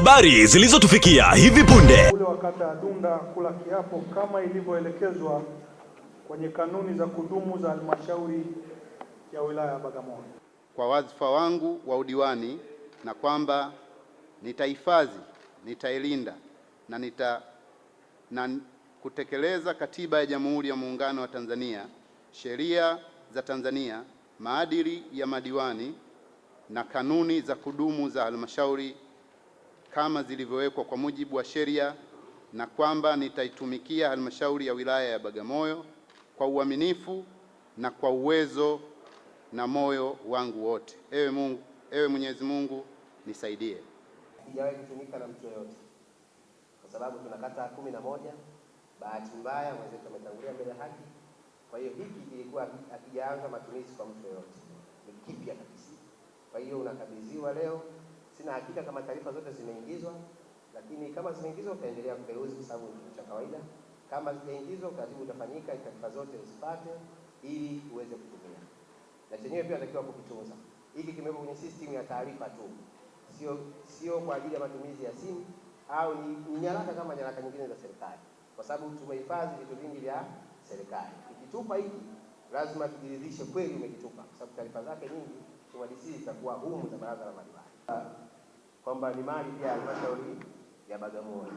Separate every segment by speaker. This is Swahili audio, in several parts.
Speaker 1: habari zilizotufikia hivi punde. Ule wa kata ya Dunda kula kiapo kama ilivyoelekezwa kwenye kanuni za kudumu za halmashauri ya wilaya ya Bagamoyo kwa wadhifa wangu wa udiwani, na kwamba nitahifadhi, nitailinda na nita na kutekeleza katiba ya Jamhuri ya Muungano wa Tanzania, sheria za Tanzania, maadili ya madiwani na kanuni za kudumu za halmashauri kama zilivyowekwa kwa mujibu wa sheria na kwamba nitaitumikia halmashauri ya wilaya ya Bagamoyo kwa uaminifu na kwa uwezo na moyo wangu wote. Ewe Mungu, ewe Mwenyezi Mungu nisaidie.
Speaker 2: Sijawahi kutumika na mtu yoyote kwa sababu tuna kata kumi na moja. Bahati mbaya mwenzetu ametangulia mbele haki, kwa hiyo hiki kilikuwa akijaanza matumizi kwa mtu yoyote, ni kipya kabisa. Kwa hiyo unakabidhiwa leo Sina hakika kama taarifa zote zimeingizwa, lakini kama zimeingizwa utaendelea kuperuzi kwa sababu ni cha kawaida. Kama zimeingizwa, utaratibu utafanyika taarifa zote uzipate ili uweze kutumia, na chenyewe pia natakiwa kukitunza. Hiki kimewekwa kwenye system ya taarifa tu, sio sio kwa ajili ya matumizi ya simu au ni nyaraka kama nyaraka nyingine za serikali, kwa sababu tumehifadhi vitu vingi vya serikali. Ukitupa hiki lazima tujiridhishe kweli umekitupa, kwa sababu taarifa zake nyingi TUMDC zitakuwa humu za baraza la madiwani kwamba ni mali pia halmashauri ya Bagamoyo.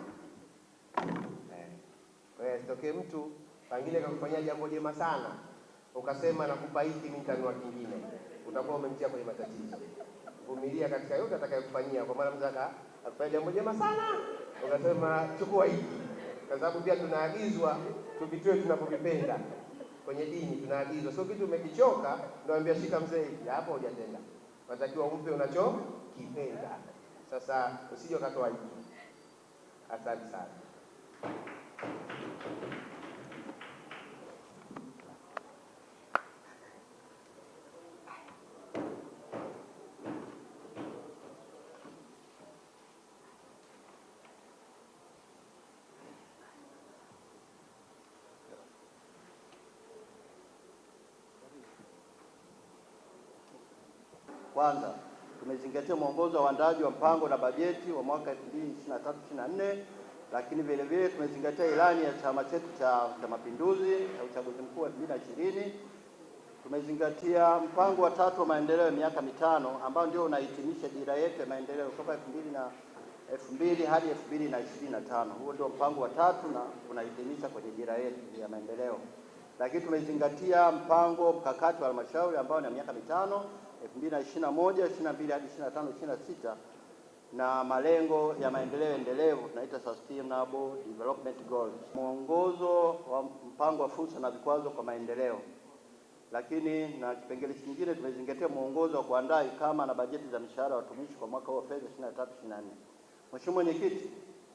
Speaker 2: Eh, kwa hiyo mtu pengine kakufanyia jambo jema sana ukasema nakupa hiki mimi nitanua kingine, utakuwa umemtia kwenye matatizo. Vumilia katika yote atakayokufanyia, kwa maana mzaka akufanya jambo jema sana ukasema chukua hiki, kwa sababu pia tunaagizwa tuvitoe tunapopipenda kwenye dini tunaagizwa, sio kitu umekichoka, ambia shika mzee hapo hujatenda. Unatakiwa umpe unachokipenda. Sasa usije ukatoa jibu. Asante sana.
Speaker 3: Kwanza tumezingatia mwongozo wa uandaji wa mpango na bajeti wa mwaka 2023/2024 lakini vile vile tumezingatia ilani ya chama chetu cha cha Mapinduzi ya uchaguzi mkuu wa 2020. Tumezingatia mpango wa tatu wa maendeleo ya miaka mitano ambao ndio unahitimisha dira yetu ya maendeleo kutoka 2000 hadi 2025. Huo ndio mpango wa tatu na unahitimisha kwenye dira yetu ya maendeleo, lakini tumezingatia mpango mkakati wa halmashauri ambao ni miaka mitano 2021, 22 hadi 25, 26 na malengo ya maendeleo endelevu tunaita sustainable development goals, mwongozo wa mpango wa fursa na vikwazo kwa maendeleo. Lakini na kipengele kingine tumezingatia mwongozo wa kuandaa kama na bajeti za mishahara watumishi kwa mwaka huu wa fedha 23 24. Mheshimiwa Mwenyekiti,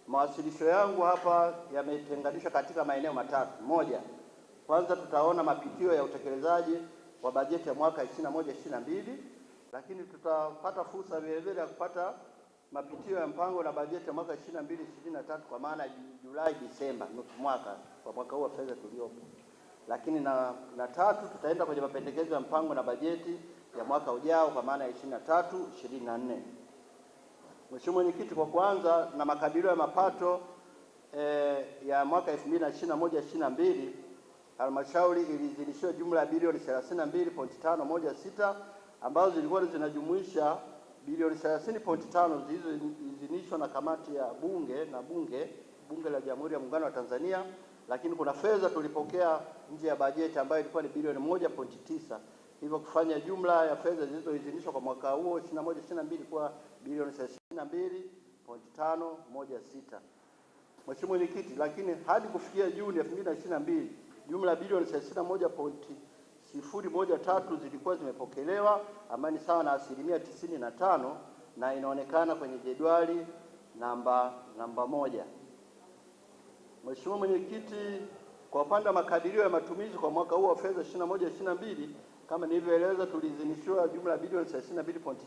Speaker 3: mawasilisho yangu hapa yametenganishwa katika maeneo matatu. Moja, kwanza tutaona mapitio ya utekelezaji wa bajeti ya mwaka 21 22, lakini tutapata fursa vile vile ya kupata mapitio ya mpango na bajeti ya mwaka 22 23, kwa maana ya Julai Disemba, nusu mwaka kwa mwaka huu wa fedha tuliopo. Lakini na, na tatu tutaenda kwenye mapendekezo ya mpango na bajeti ya mwaka ujao kwa maana ya 23 24. Mheshimiwa Mwenyekiti, kwa kwanza na makadirio ya mapato eh, ya mwaka 2021 22 halmashauri iliidhinishiwa jumla ya bilioni 32.516 ambazo zilikuwa zinajumuisha bilioni 30.5 zilizoidhinishwa na kamati ya bunge na bunge bunge la Jamhuri ya Muungano wa Tanzania, lakini kuna fedha tulipokea nje ya bajeti ambayo ilikuwa ni bilioni 1.9, hivyo kufanya jumla ya fedha zilizoidhinishwa kwa mwaka huo 21 22 kuwa bilioni 32.516. Mheshimiwa Mwenyekiti, lakini hadi kufikia Juni 2022 jumla bilioni tatu zilikuwa zimepokelewa ambayo ni sawa na asilimia tisini na tano na inaonekana kwenye jedwali namba namba moja. Mheshimiwa Mwenyekiti, kwa upande wa makadirio ya matumizi kwa mwaka huu wa fedha 21 22 kama nilivyoeleza, tuliidhinishiwa jumla bilioni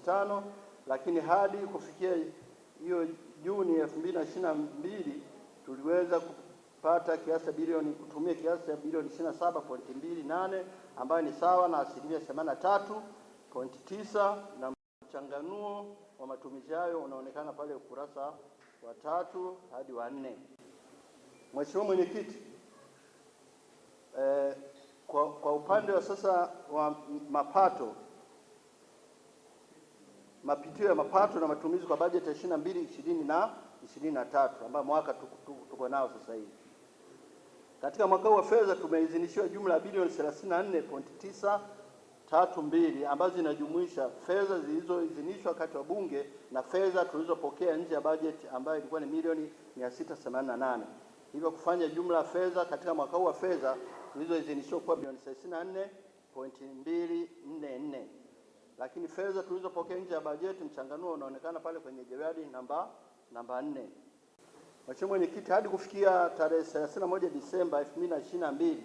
Speaker 3: tano lakini hadi kufikia hiyo Juni 2022 tuliweza pata kiasi cha bilioni kutumia kiasi cha bilioni 27.28 ambayo ni sawa na asilimia 83.9 na mchanganuo wa matumizi hayo unaonekana pale ukurasa wa tatu hadi wa nne. Mheshimiwa Mwenyekiti, eh, kwa, kwa upande wa sasa wa mapato mapitio ya mapato na matumizi kwa bajeti ya ishirini na mbili ishirini na ishirini na tatu ambayo mwaka tuko nao sasa hivi katika mwaka huu wa fedha tumeidhinishiwa jumla ya bilioni 34.932 ambazo zinajumuisha fedha zilizoidhinishwa wakati wa Bunge na fedha tulizopokea nje ya bajeti ambayo ilikuwa ni milioni 688, hivyo kufanya jumla ya fedha katika mwaka huu wa fedha tulizoidhinishiwa kuwa bilioni 34.244. Lakini fedha tulizopokea nje ya bajeti mchanganuo unaonekana pale kwenye jedwali namba namba 4. Mheshimiwa Mwenyekiti, hadi kufikia tarehe 31 Disemba 2022 e,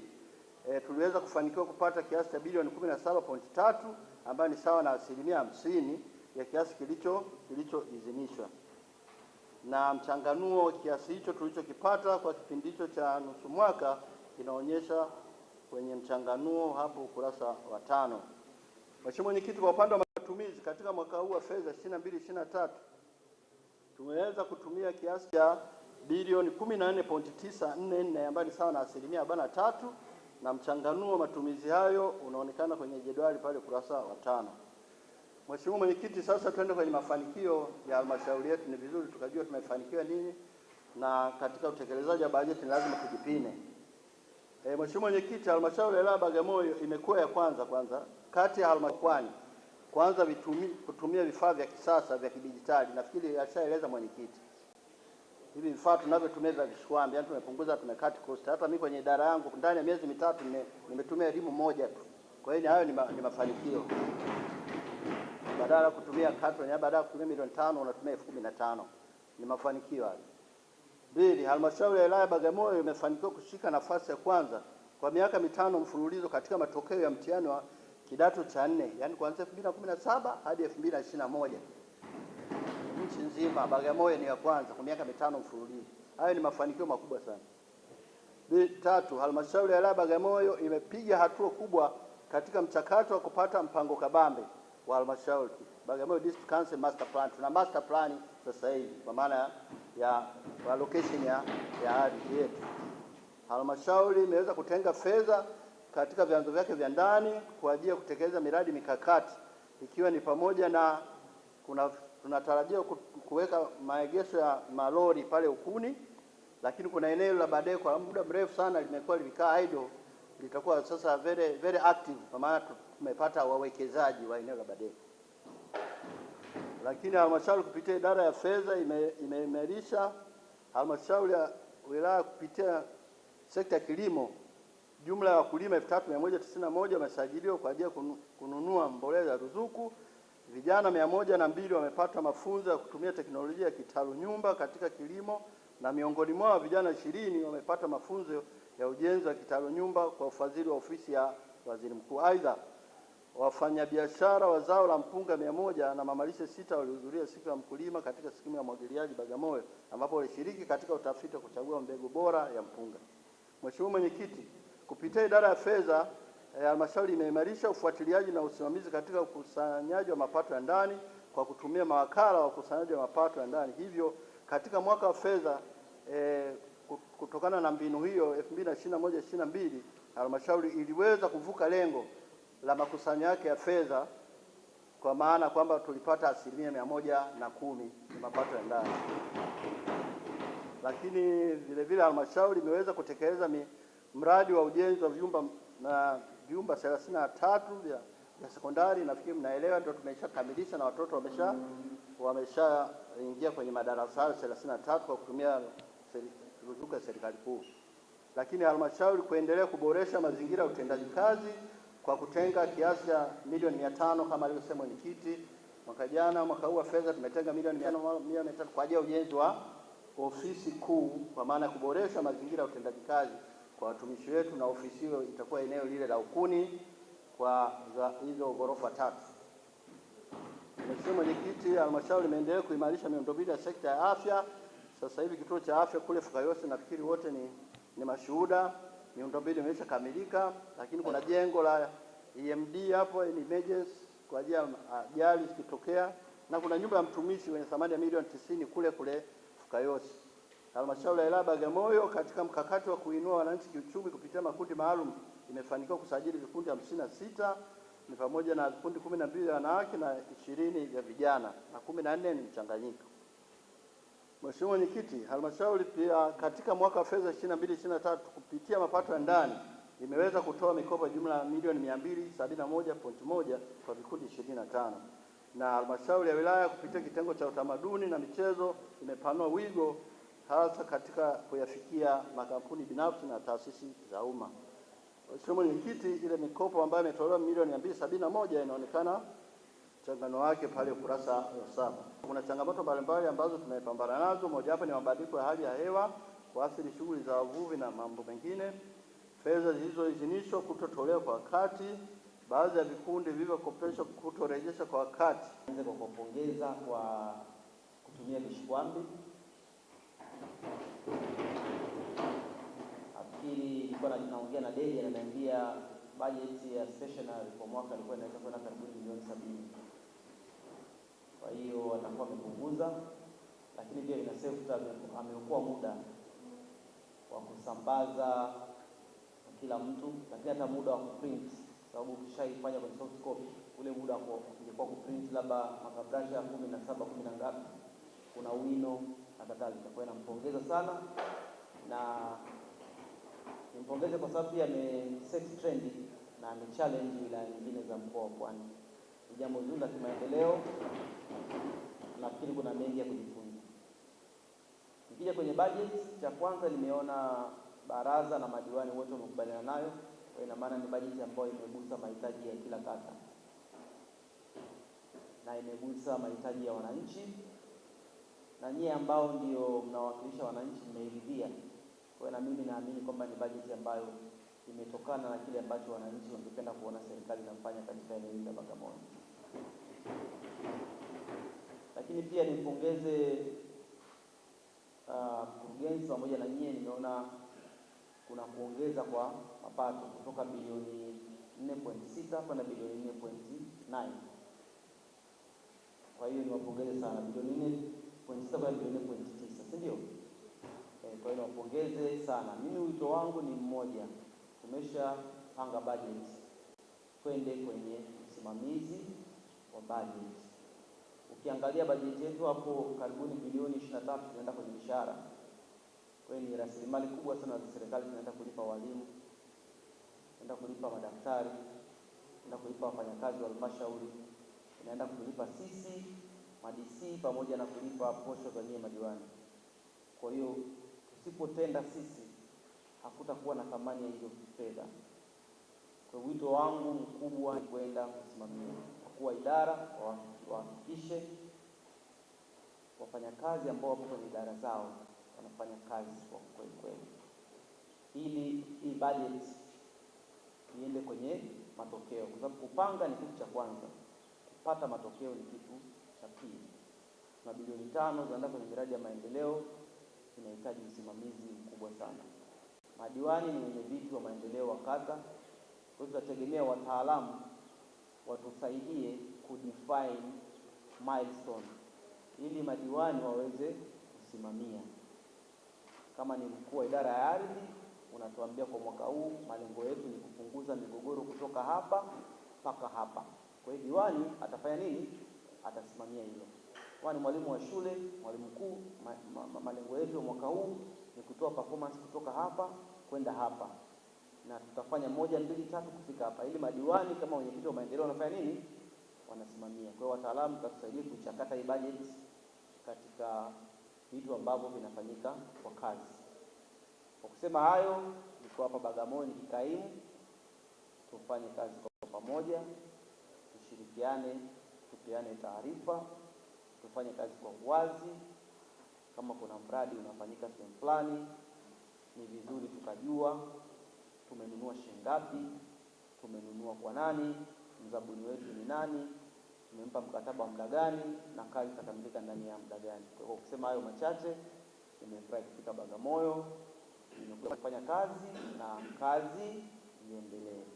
Speaker 3: eh, tuliweza kufanikiwa kupata kiasi cha bilioni 17.3 ambayo ni sawa na asilimia hamsini ya kiasi kilicho kilichoidhinishwa na mchanganuo kiasi hicho tulichokipata kwa kipindi hicho cha nusu mwaka kinaonyesha kwenye mchanganuo hapo ukurasa wa tano. Mheshimiwa Mwenyekiti, kwa upande wa matumizi katika mwaka huu wa fedha 22 23 tumeweza kutumia kiasi cha bilioni 14.944 ambayo ni sawa na asilimia arobaini na tatu, na mchanganuo wa matumizi hayo unaonekana kwenye jedwali pale kurasa wa tano. Mheshimiwa Mwenyekiti, sasa tuende kwenye mafanikio ya halmashauri yetu. Ni vizuri tukajua tumefanikiwa nini, na katika utekelezaji wa bajeti ni lazima tujipime. E, Mheshimiwa Mwenyekiti, halmashauri ya wilaya Bagamoyo imekuwa ya kwanza kwanza kati ya halmashauri kwanza vitumi, kutumia vifaa vya kisasa vya kidijitali. Nafikiri ashaeleza mwenyekiti hivi vifaa tunavyotumia vya vishikwambi, yani tumepunguza, tumecut cost. Hata mimi kwenye idara yangu ndani ya miezi mitatu nimetumia elimu moja tu. Kwa hiyo hayo ni, ma, ni mafanikio. Badala ya kutumia katoni, badala kutumia milioni tano unatumia elfu kumi na tano. Ni mafanikio hayo. Mbili, halmashauri ya wilaya Bagamoyo imefanikiwa kushika nafasi ya kwanza kwa miaka mitano mfululizo katika matokeo ya mtihani wa kidato cha nne, yani kuanzia elfu mbili na na kumi saba hadi elfu mbili na na moja nchi nzima, Bagamoyo ni ya kwanza kwa miaka mitano mfululizo. Hayo ni mafanikio makubwa sana. Tatu, halmashauri ya wilaya Bagamoyo imepiga hatua kubwa katika mchakato wa kupata mpango kabambe wa halmashauri Bagamoyo District Council Master Plan. Tuna master plan sasa hivi kwa maana ya allocation ya, ya ardhi yetu. Halmashauri imeweza kutenga fedha katika vyanzo vyake vya ndani kwa ajili ya kutekeleza miradi mikakati ikiwa ni pamoja na kuna tunatarajia kuweka maegesho ya malori pale Ukuni, lakini kuna eneo la baadaye kwa muda mrefu sana limekuwa likikaa idle, litakuwa sasa very, very active kwa maana tumepata wawekezaji wa eneo la baadaye. Lakini halmashauri kupitia idara ya fedha imeimarisha ime, halmashauri ya wilaya kupitia sekta ya kilimo jumla ya wakulima 3191 wamesajiliwa kwa ajili ya kununua mbolea za ruzuku Vijana mia moja na mbili wamepata mafunzo ya kutumia teknolojia ya kitalu nyumba katika kilimo na miongoni mwao vijana ishirini wamepata mafunzo ya ujenzi wa kitalu nyumba kwa ufadhili wa ofisi ya waziri mkuu. Aidha, wafanyabiashara wa zao la mpunga mia moja na mamalishe sita walihudhuria siku ya mkulima katika skimu ya mwagiliaji Bagamoyo, ambapo walishiriki katika utafiti wa kuchagua mbegu bora ya mpunga. Mheshimiwa Mwenyekiti, kupitia idara ya fedha Eh, halmashauri imeimarisha ufuatiliaji na usimamizi katika ukusanyaji wa mapato ya ndani kwa kutumia mawakala wa ukusanyaji wa mapato ya ndani. Hivyo katika mwaka wa fedha e, kutokana na mbinu hiyo 2021 22 halmashauri iliweza kuvuka lengo la makusanyo yake ya fedha kwa maana kwamba tulipata asilimia mia moja na kumi ya mapato ya ndani, lakini vilevile halmashauri imeweza kutekeleza mradi wa ujenzi wa vyumba na vyumba 33 vya ya sekondari nafikiri mnaelewa, ndio tumeshakamilisha na watoto wamesha wameshaingia kwenye madarasa hayo 33 kwa kutumia ruzuku ya serikali kuu. Lakini halmashauri kuendelea kuboresha mazingira ya utendaji kazi kwa kutenga kiasi cha milioni 500 kama alivyosema mwenyekiti mwaka jana. Mwaka huu wa fedha tumetenga milioni 500 kwa ajili ya ujenzi wa ofisi kuu, kwa maana ya kuboresha mazingira ya utendaji kazi kwa watumishi wetu, na ofisi hiyo itakuwa eneo lile la Ukuni kwa hizo ghorofa tatu. Mheshimiwa Mwenyekiti, halmashauri imeendelea kuimarisha miundombinu ya sekta ya afya. Sasa hivi kituo cha afya kule fukayosi nafikiri wote ni, ni mashuhuda, miundombinu imeshakamilika, lakini kuna jengo la EMD hapo ni emergency kwa ajili ya ajali zikitokea, na kuna nyumba ya mtumishi wenye thamani ya milioni tisini kule kule fukayosi Halmashauri ya Wilaya Bagamoyo katika mkakati wa kuinua wananchi kiuchumi kupitia makundi maalum imefanikiwa kusajili vikundi hamsini na sita ni pamoja na vikundi kumi na mbili vya wanawake na ishirini vya vijana na kumi na nne ni mchanganyiko. Mheshimiwa Mwenyekiti, halmashauri pia katika mwaka wa fedha 22/23 kupitia mapato ya ndani imeweza kutoa mikopo jumla ya milioni 271.1 kwa vikundi 25 na halmashauri ya wilaya kupitia kitengo cha utamaduni na michezo imepanua wigo hasa katika kuyafikia makampuni binafsi na taasisi za umma. Mheshimiwa Mwenyekiti, ile mikopo ambayo imetolewa milioni moja inaonekana changano wake pale ukurasa wa saba. Kuna changamoto mbalimbali ambazo tunapambana nazo, mojawapo ni mabadiliko ya hali ya hewa kuathiri shughuli za wavuvi na mambo mengine, fedha zilizoidhinishwa kutotolewa kwa wakati, baadhi ya vikundi vilivyokopeshwa kutorejesha kwa wakati. Kwa kupongeza kwa kutumia vishikwambi Nafikiri ilikuwa naongea na Deli, ananiambia bajeti ya stationery kwa mwaka ilikuwa inaweza kwenda karibu milioni sabini. Kwa hiyo atakuwa amepunguza, lakini pia ina save, ameokoa muda wa kusambaza kila mtu, lakini hata muda wa kuprint, sababu ukishaifanya kwenye soft copy ule muda ingekuwa kuprint labda makabrasha kumi na saba kumi na ngapi, kuna wino na kadhalika. Kwa hiyo nampongeza sana na nimpongeze kwa sababu pia set trend na challenge wilaya nyingine za mkoa wa Pwani. Ni jambo zuri la kimaendeleo, nafikiri kuna mengi ya kujifunza. Nikija kwenye budget, cha kwanza nimeona baraza na madiwani wote wamekubaliana nayo, kwa ina maana ni bajeti ambayo imegusa mahitaji ya kila kata na imegusa mahitaji ya wananchi na nyie ambao ndio mnawakilisha wananchi mmeiridhia. Kwa hiyo na mimi naamini kwamba ni bajeti ambayo imetokana na kile ambacho wananchi wangependa kuona serikali inafanya katika eneo hili la Bagamoyo. Lakini pia nimpongeze uh, mkurugenzi uh, pamoja na nyie, nimeona kuna kuongeza kwa mapato kutoka bilioni 4.6 kwenda bilioni 4.9. Kwa hiyo niwapongeze sana bilioni pointi saba wengine pointi tisa si ndio? E, kwa hiyo niwapongeze sana. Mimi wito wangu ni mmoja, tumeshapanga budget, twende kwenye usimamizi wa budget. Ukiangalia bajeti yetu hapo karibuni bilioni 23 na tatu tunaenda kwenye mishahara. Kwa hiyo ni rasilimali kubwa sana za serikali, tunaenda kulipa walimu, tunaenda kulipa madaktari, tunaenda kulipa wafanyakazi wa halmashauri, tunaenda kulipa sisi madisi pamoja na kulipa posho za nyie madiwani. Kwa hiyo tusipotenda sisi hakutakuwa na thamani ya hizo fedha. Kwa wito wangu mkubwa ni kwenda kusimamia wakuu wa idara wahakikishe wafanyakazi ambao wapo kwenye idara zao wanafanya kazi kwa kweli kweli, ili hii bajeti iende kwenye matokeo, kwa sababu kupanga ni kitu cha kwanza, kupata matokeo ni kitu cha pili. Na bilioni tano zaenda kwenye miradi ya maendeleo inahitaji usimamizi mkubwa sana. Madiwani ni viti wa maendeleo wa kata, kwa hiyo tutategemea wataalamu watusaidie kudefine milestone ili madiwani waweze kusimamia. Kama ni mkuu wa idara ya ardhi, unatuambia kwa mwaka huu malengo yetu ni kupunguza migogoro kutoka hapa mpaka hapa. Kwa hiyo diwani atafanya nini? atasimamia hilo. ni mwalimu wa shule, mwalimu mkuu, malengo yetu ya mwaka huu ni kutoa performance kutoka hapa kwenda hapa, na tutafanya moja mbili tatu kufika hapa, ili madiwani kama wenyekiti wa maendeleo wanafanya nini, wanasimamia. Kwa hiyo, wataalamu tutasaidia kuchakata hii budget katika vitu ambavyo vinafanyika kwa kazi. Kwa kusema hayo, niko hapa Bagamoyo nikikaimu, tufanye kazi kwa pamoja, tushirikiane tupeane taarifa, tufanye kazi kwa uwazi. Kama kuna mradi unafanyika sehemu fulani, ni vizuri tukajua tumenunua shilingi ngapi, tumenunua kwa nani, mzabuni wetu ni nani, tumempa mkataba wa muda gani, na kazi itakamilika ndani ya muda gani. Kwa kusema hayo machache, nimefurahi kufika Bagamoyo, nimekuja kufanya kazi na kazi iendelee.